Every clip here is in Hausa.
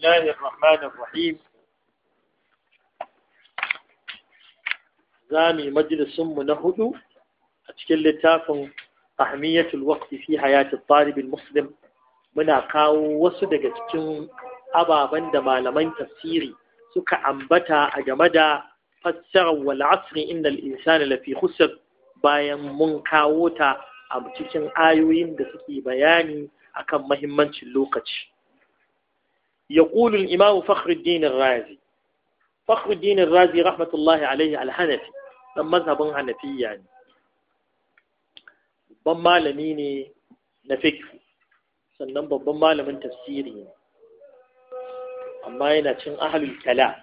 الله الرحمن mu na hudu a cikin littafin أهمية الوقت fi حياة الطالب المسلم muna kawo wasu daga cikin ababen da malaman tafsiri suka ambata a game da fassarar wal asri innal insana lafi khusr bayan mun kawo ta a cikin ayoyin da suke bayani akan mahimmancin lokaci يقول الإمام فخر الدين الرازي فخر الدين الرازي رحمة الله عليه الحنفي dan mazhabin hanafiya ne babban malami ne na sannan babban malamin tafsiri ne amma yana cin ahlul kala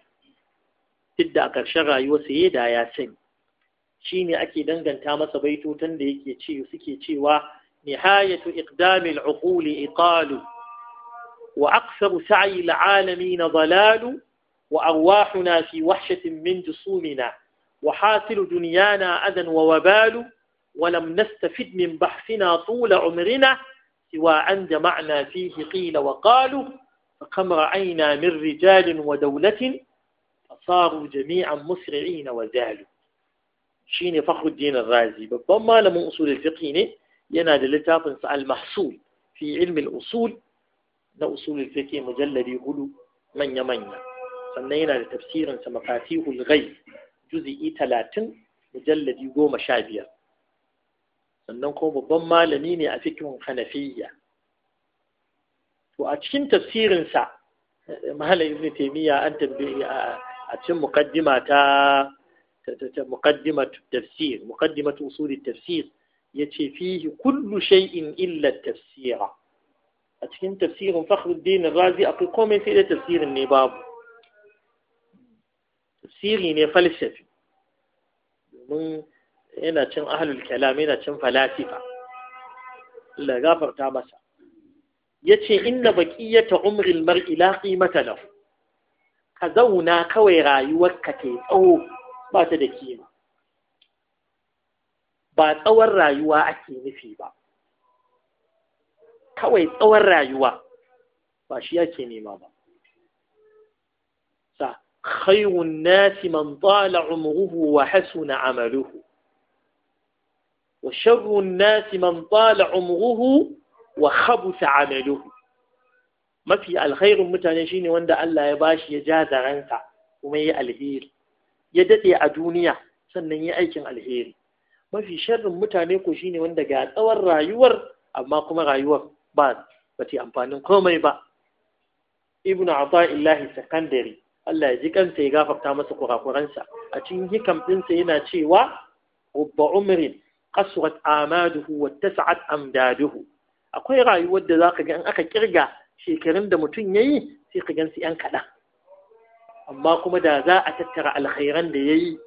duk da a ƙarshen rayuwarsa ya da ya sani shi ne ake danganta masa baitotan da yake ce suke cewa nihayatu iqdamil uquli iqalu وأقصر سعي العالمين ضلال وأرواحنا في وحشة من جصومنا وحاصل دنيانا أذى ووبال ولم نستفد من بحثنا طول عمرنا سوى أن جمعنا فيه قيل وقالوا فكم رأينا من رجال ودولة فصاروا جميعا مسرعين وزالوا شين فخر الدين الرازي ببما لم أصول الفقه ينادي da المحصول في علم الأصول na usulul fiqh mujalladi hudu manya manya sannan yana da tafsirin sa mafatihul ghaib juz'i 30 mujalladi 15 sannan kuma babban malami ne a fiqhun hanafiyya to a cikin tafsirin sa malami ibn taymiya an tambaye a cikin muqaddimata ta مقدمة التفسير مقدمة أصول التفسير يتي فيه كل شيء إلا tafsira a cikin tafsirin Fakhruddin Razi akwai komai sai da tafsirin ne babu tafsiri ne falsafi domin yana cin ahlul kalam yana cin falasifa Allah gafarta masa yace inna baqiyata umri almar'i la qimata lahu ka zauna kawai rayuwarka ta tsawo ba ta da kima ba tsawon rayuwa ake nufi ba kawai tsawon rayuwa ba shi yake nema ba sa khayrun nasi man tala umruhu wa hasuna amaluhu wa sharrun nasi man tala umruhu wa khabutha amaluhu mafi alkhairin mutane shine wanda Allah ya bashi ya ja zaransa kuma yi alheri ya daɗe a duniya sannan yi aikin alheri mafi sharrin mutane ko shine wanda ga tsawon rayuwar amma kuma rayuwar ba ba ta amfanin komai ba ibnu Abdullahi sakandari Allah ya ji kansa ya gafarta masa kurakuransa a cikin hikam ɗinsa yana cewa rubba umrin qasrat amaduhu wattasa'at amdaduhu akwai rayuwar da zaka ga in aka kirga shekarun da mutum yayi sai ka gansu yan kaɗan amma kuma da za a tattara alkhairan da yayi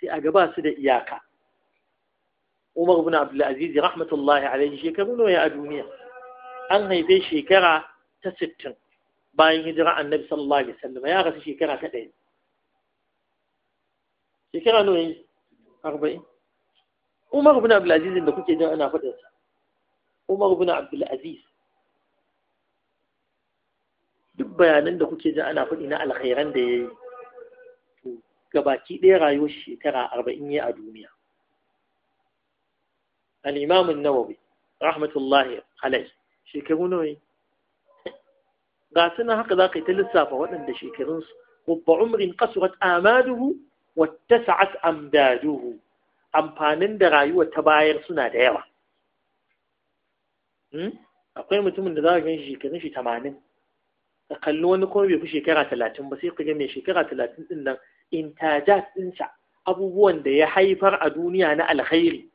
sai a gaba su da iyaka Umar ibn Abdul Aziz rahmatullahi alaihi shekaru nawa ya a duniya أن يبي شيكرا تسكن باين يدرى النبي صلى الله عليه وسلم يا غسي شيكرا كذين شيكرا نوين أربعين عمر بن عبد العزيز اللي كنت يدعو أنا فتاة عمر بن عبد العزيز دب بيان اللي كنت يدعو أنا فتاة إنا الخيران دي gabaki ɗaya rayuwar shekara arba'in ya a duniya. Al-Imamun Nawawi, rahmatullahi alaihi. shekaru nawa yi ga suna haka za ka yi ta lissafa waɗanda shekarunsu wabba umrin kasurat amaduhu wata sa'at amdaduhu amfanin da rayuwa ta bayar suna da yawa hmm? akwai mutumin da za ka gan shi shekarun shi tamanin ka kalli wani kuma bai fi shekara talatin ba sai ka ga mai shekara talatin din nan intajat ɗinsa abubuwan da ya haifar a duniya na alkhairi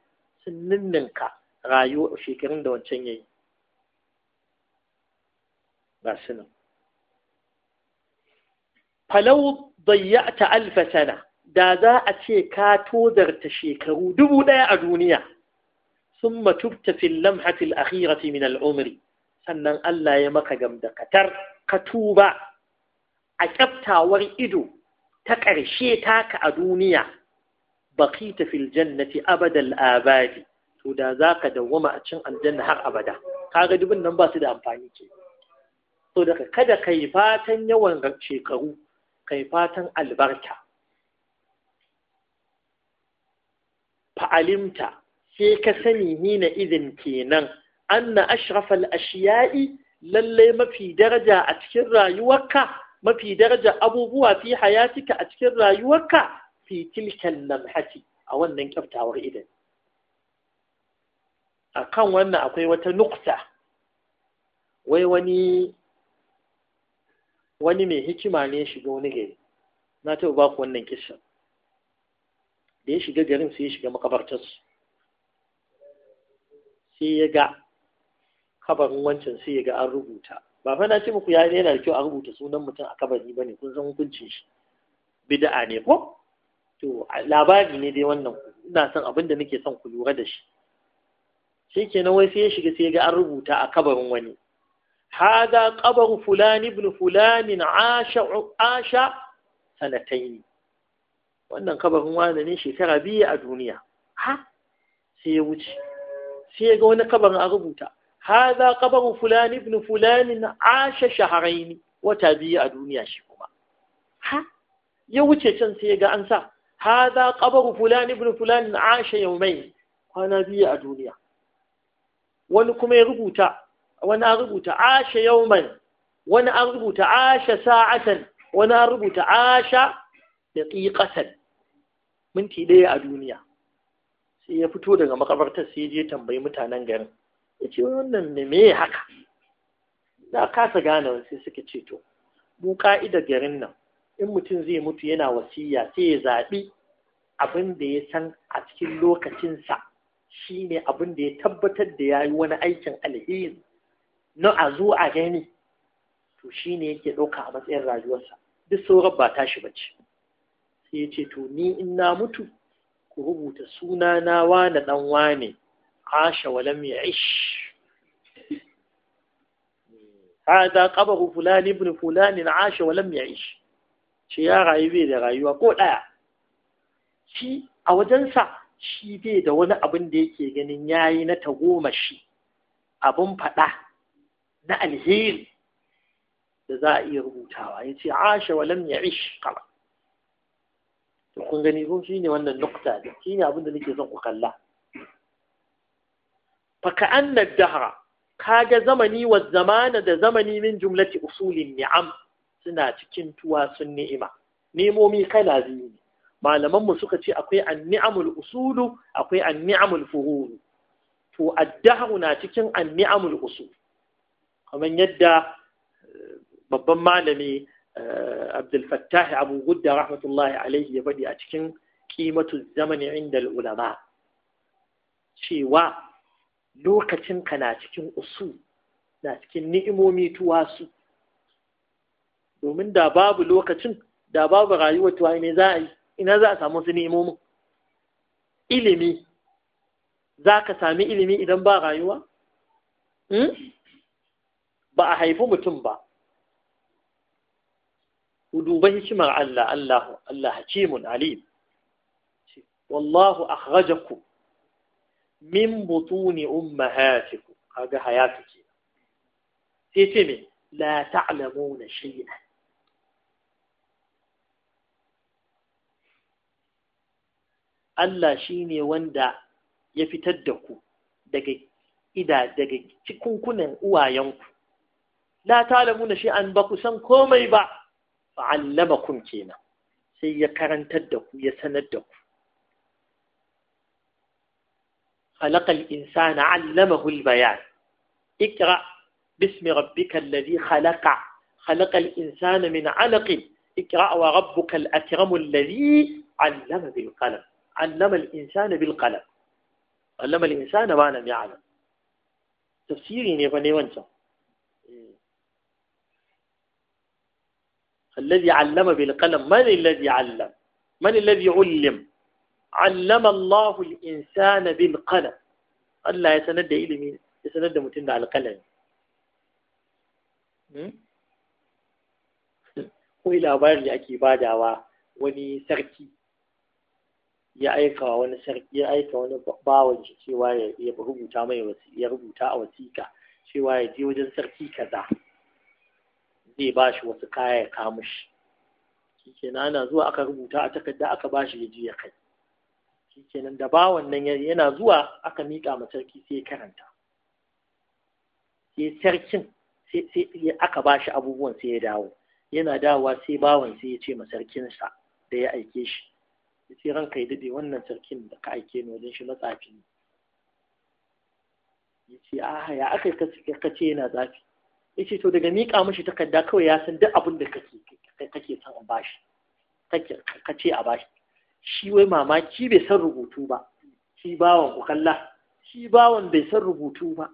sun ninninka rayuwa shekarun da wancan yayi ba su nan falau dayyata alfasana da za a ce ka tozarta shekaru dubu ɗaya a duniya sun matubta fil lamhatil akhirati min al'umri sannan Allah ya maka gamdakatar ka tuba a ƙyabtawar ido ta ƙarshe taka a duniya baki fil jannati abadal abadi to da ka dawwama a cin aljanna har abada kaga dubin nan ba su da amfani ke so daga kada kai fatan yawan shekaru kai fatan albarka fa'alimta sai ka sani hina izin kenan anna ashrafal ashiya'i lallai mafi daraja a cikin rayuwarka mafi daraja abubuwa fi hayatika a cikin rayuwarka fi tilkan lamhati a wannan kyaftawar idan a kan wannan akwai wata nukta wai wani wani mai hikima ne ya shiga wani gari na taɓa ba ku wannan kisa da ya shiga garin sai ya shiga makabartarsu sai ya ga kabarin wancan sai ya ga an rubuta ba fa na ce muku ya yana da kyau a rubuta sunan mutum a kabari ne. kun san hukuncin shi bid'a ne ko to labari ne dai wannan ina son abin da nake son ku lura da shi kenan wai sai ya shiga sai ya ga an rubuta a kabarin wani هذا قبر فلان ابن فلان عاش عاش سنتين wannan kabarin wani ne shekara biyu a duniya ha sai ya wuce sai ya ga wani kabarin a rubuta haza kabarin fulani ibn fulani na asha shaharaini wata biyu a duniya shi kuma ha ya wuce can sai ya ga an sa za kabarin fulani ibn fulani na asha yaumai kwana biyu a duniya wani kuma ya rubuta wani an rubuta asha yauman wani an rubuta asha sa'atan wani an rubuta asha da minti ɗaya a duniya sai ya fito daga makabartar sai je tambayi mutanen garin ya ce wannan ne me haka na kasa gane sai suka ce to mu ka'ida garin nan in mutum zai mutu yana wasiya sai ya zaɓi abin da ya san a cikin lokacinsa shi ne abin da ya tabbatar da ya yi wani aikin alheri na a zo a gani to shi ne yake ɗauka a matsayin rayuwarsa duk sauran ba ta shi ce sai ya ce to ni in na mutu ku rubuta suna na wane ɗan wane hasha walam ya ish hada qabahu fulani ibn fulani asha walam ya ish shi ya rayu bai da rayuwa ko ɗaya shi a wajensa shi bai da wani abin da yake ganin yayi na tagomashi abin faɗa na alheri da za a iya rubutawa ya ce ashe wa lam ya ish to kun gani kun shi ne wannan nukta da shi ne abin da nake son ku kalla faka an na kaga zamani wa zamana da zamani min jumlati usulin ni'am suna cikin tuwa sun ni'ima nemomi kala biyu ne malamanmu suka ce akwai anni'amul usulu akwai anni'amul fururu. to addaharu na cikin anni'amul usulu kamar yadda eh, babban malami eh, Abdul Fattah Abu Gudda rahmatullahi alaihi ya faɗi a cikin qimatu zamani inda ulama cewa lokacin ka na cikin usu na cikin ni'imomi tuwasu domin da babu lokacin da babu rayuwar tuwa ne za a yi ina za a samu su ni'imomin ilimi za ka sami ilimi idan ba rayuwa? Hmm? ba a haifi mutum ba ku duba hikimar Allah Allah Allah hakimun alim wallahu akhrajakum min butuni ummahatikum kaga hayatu ke sai ce me la ta'lamuna shay'an Allah shine wanda ya fitar da ku daga ida daga cikunkunan uwayenku لا تعلمون شيئا بقسم ku با فعلمكم كينا سي kenan sai ya خلق الإنسان علمه البيان اقرأ باسم ربك الذي خلق خلق الإنسان من علق اقرأ وربك الأكرم الذي علم بالقلم علم الإنسان بالقلم علم الإنسان ما لم يعلم تفسيري نيفاني وانشان الذي علم بالقلم من الذي علم من الذي علم علم الله الإنسان بالقلم Allah ya sanar da ilimi ya sanar da mutum da alƙalami kawai labarin ake badawa wani sarki ya aika wani sarki ya aika ya rubuta a wasiƙa cewa ya je wajen sarki kaza zai ba shi wasu kaya ya kama shi shikenan ana zuwa aka rubuta a takarda aka ba shi ya je ya kai nan da bawan nan yana zuwa aka miƙa ma sarki sai ya karanta sai sarkin sai aka ba shi abubuwan sai ya dawo yana dawowa sai bawan sai ya ce ma sarkinsa da ya aike shi ya ce ranka ya daɗe wannan sarkin da ka aike ni wajen shi matsafi ne ya ce aha ya aka ka ce yana zafi. yace to daga miƙa mashi takarda kawai ya san duk abin da kake kake son a bashi ka ce a bashi shi wai mamaki bai san rubutu ba shi bawan ku shi bawan bai san rubutu ba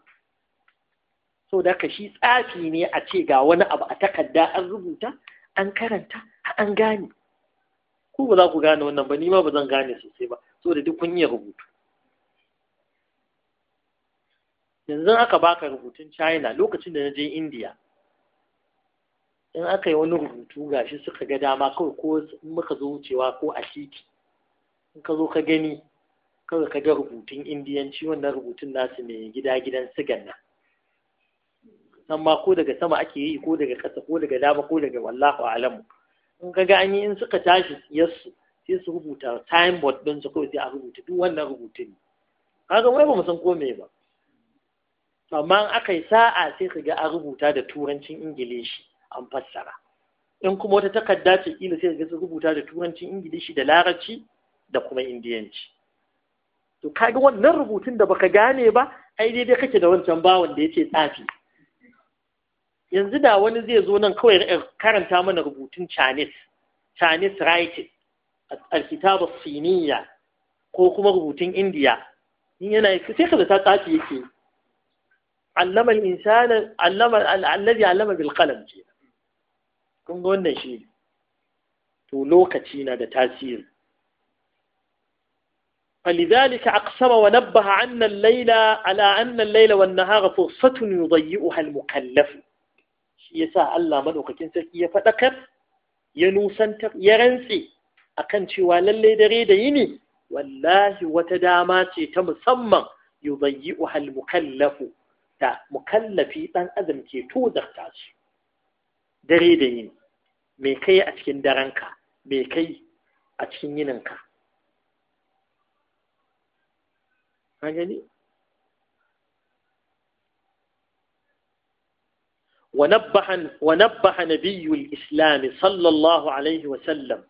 so da ka shi tsafi ne a ce ga wani abu a takarda an rubuta an karanta an gane ku ba za ku gane wannan ba ni ma ba zan gane sosai ba so da duk kun yi rubutu yanzu aka baka rubutun china lokacin da na je india in aka yi wani rubutu gashi suka ga dama kawai ko muka zo wucewa ko a titi in ka zo ka gani kawai ka ga rubutun indiyanci wannan rubutun nasu ne gida gidan sigan nan amma ko daga sama ake yi ko daga ƙasa ko daga dama ko daga wallahu alamu in ka ga an yi in suka tashi siyarsu sai su rubuta time board din su kawai sai a rubuta duk wannan rubutun kaga wai ba mu san ko me ba amma aka yi sa'a sai ka ga an rubuta da turancin ingilishi an fassara in kuma wata takarda ce kila sai ga sun rubuta da turancin ingilishi da larabci da kuma indiyanci to kaga wannan rubutun da baka gane ba ai daidai kake da wancan ba da yace tsafi yanzu da wani zai zo nan kawai karanta mana rubutun Chinese Chinese writing alkitabu siniya ko kuma rubutun India in yana sai ka ta tsafi yake allama al-insana allama alladhi allama bil qalam ce kun ga wannan shi to lokaci na da tasiri فلذلك أقسم ونبه عنا الليل على أن الليل والنهار فرصة يضيئها المكلف يسا الله من وقتين سكية فتكر ينوسنتر يرنسي أكن شوى للي دريد يني والله وتداماتي تمسمى يضيئها المكلف da mukallafi ɗan adam ke tozarta su dare da yini me kai a cikin daranka me kai a cikin yininka ka gani ونبه ونبه نبي الإسلام صلى الله عليه وسلم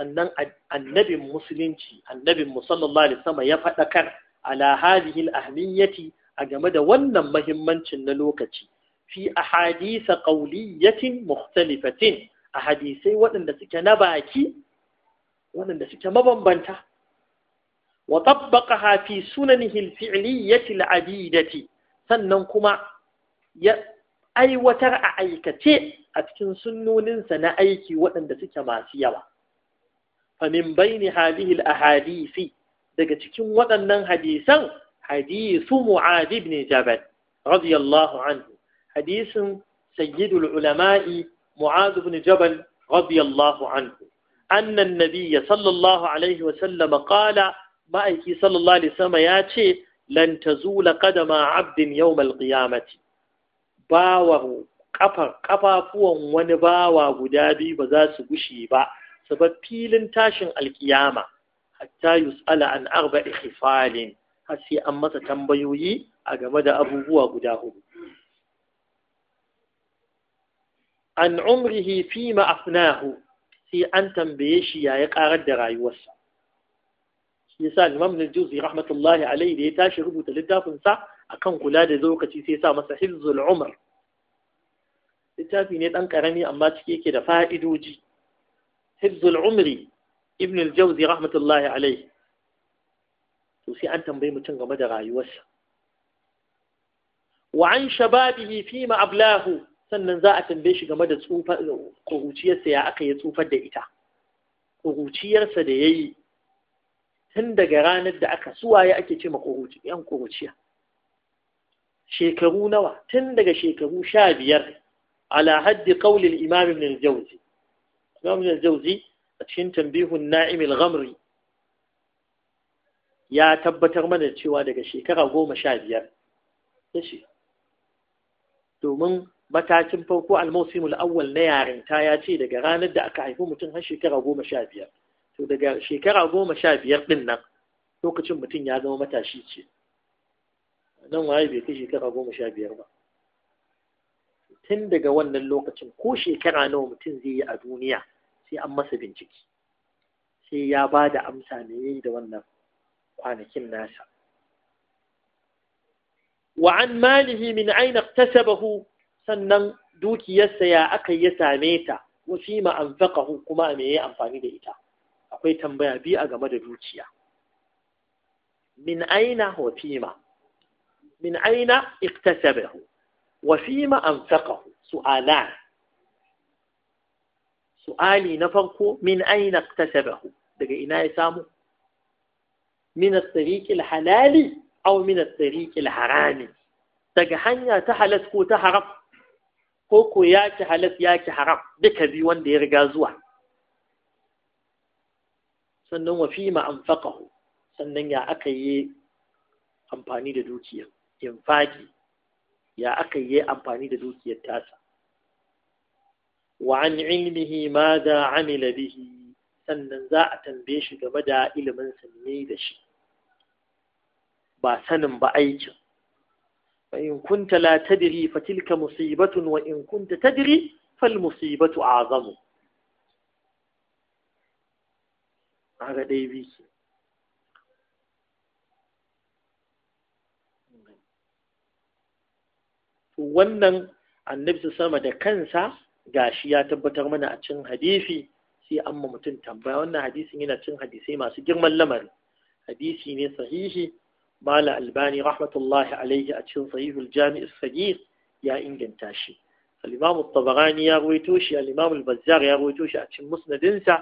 أن النبي المسلم النبي صلى الله عليه وسلم يفتكر على هذه الأهمية a game da wannan mahimmancin na lokaci fi ahadisa qawliyatin muktalifatin, a hadisai waɗanda suke na baki waɗanda suke mabambanta wa tabbaqaha fi sunanihi al-fi'liyyati sannan kuma ya aiwatar a aikace a cikin sunnoninsa na aiki waɗanda suke masu yawa fa min baini hadhihi al-ahadisi daga cikin waɗannan hadisan حديث معاذ بن جبل رضي الله عنه حديث سيد العلماء معاذ بن جبل رضي الله عنه أن النبي صلى الله عليه وسلم قال ما أيكي صلى الله عليه وسلم ياتي لن تزول قدم عبد يوم القيامة باوه kafar kafafuwan wani bawa guda biyu ba za su gushe ba sabab filin tashin alkiyama hatta yus'ala an arba'i khifalin har sai an masa tambayoyi a game da abubuwa guda hudu an umrihi fi ma'afnahu sai an tambaye shi ya ya karar da rayuwarsa shi yasa Imam Najuzi rahmatullahi alaihi da ya tashi rubuta littafinsa a akan kula da lokaci sai sa masa Umar littafi ne ɗan karami amma cike yake da fa'idoji hizul Umri Ibn al-Jawzi rahmatullahi alaihi to sai an tambayi mutum game da rayuwarsa wa an shababihi fi ma ablahu sannan za a tambaye shi game da tsufa kuruciyarsa ya aka yi tsufar da ita kuruciyarsa da yayi tun daga ranar da aka suwaye ake ce ma yan kuruciya shekaru nawa tun daga shekaru sha biyar ala haddi qaulil imam ibn al-jawzi imam ibn al-jawzi a cikin tambihun na'im al-ghamri ya tabbatar mana cewa daga shekara goma sha biyar ya ce domin matakin farko mu awwal na yarinta ya ce daga ranar da aka haifi mutum har shekara goma sha biyar to daga shekara goma sha biyar din nan lokacin mutum ya zama matashi ce nan waye bai kai shekara goma sha biyar ba tun daga wannan lokacin ko shekara nawa mutum zai yi a duniya sai an masa bincike sai ya ba da amsa ne da wannan kwanakin nasa wa an malihi min aina iktasabahu sannan dukiyarsa ya aka ya same ta wa fi ma anfaqahu kuma a me ya amfani da ita akwai tambaya biyu a game da dukiya min aina wa fi ma min aina iktasabahu wa fi ma anfaqahu su'alan su'ali na farko min aina iktasabahu daga ina ya samu min at-tariq al-halali aw min at harami daga hanya ta halas ko ta haram ko ko ya ki halas ya ki haram duka bi wanda ya riga zuwa sannan wa fi ma anfaqahu sannan ya aka yi amfani da dukiyar infaki ya aka yi amfani da dukiyar tasa wa an ilmihi ma da amila bihi sannan za a tambaye shi game da ilimin sanne da shi ba sanin ba aikin fa in kunta la tadri fa tilka musibatun wa in kunta tadri fal musibatu azamu aga dai bi wannan annabi sama da kansa gashi ya tabbatar mana a cin hadisi sai an ma mutum tambaya wannan hadisin yana cin hadisai masu girman lamari hadisi ne sahihi مال الباني رحمة الله عليه أتشن صحيح الجامع الصغير يا إنجن تاشي الإمام الطبراني يا رويتوش الإمام البزار يا رويتوش أتشن مسند انسى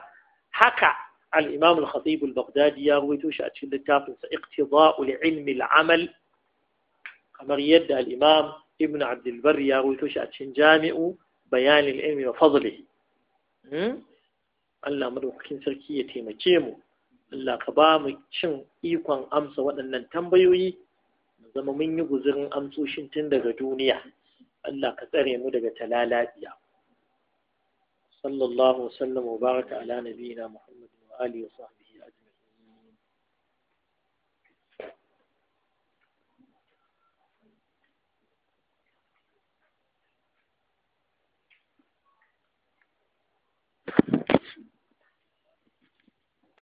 حكى الإمام الخطيب البغدادي يا رويتوش أتشن لتافنس اقتضاء لعلم العمل أمر يد الإمام ابن عبد البر يا رويتوش أتشن جامع بيان العلم وفضله الله مروح كنسر كي يتيمة Allah ka ba mu cin ikon amsa waɗannan tambayoyi mu zama mun yi guzurin amsoshin tun daga duniya Allah ka tsare mu daga talalabiya sallallahu wasallam wa baraka ala nabiyina muhammadin wa alihi wa sahbihi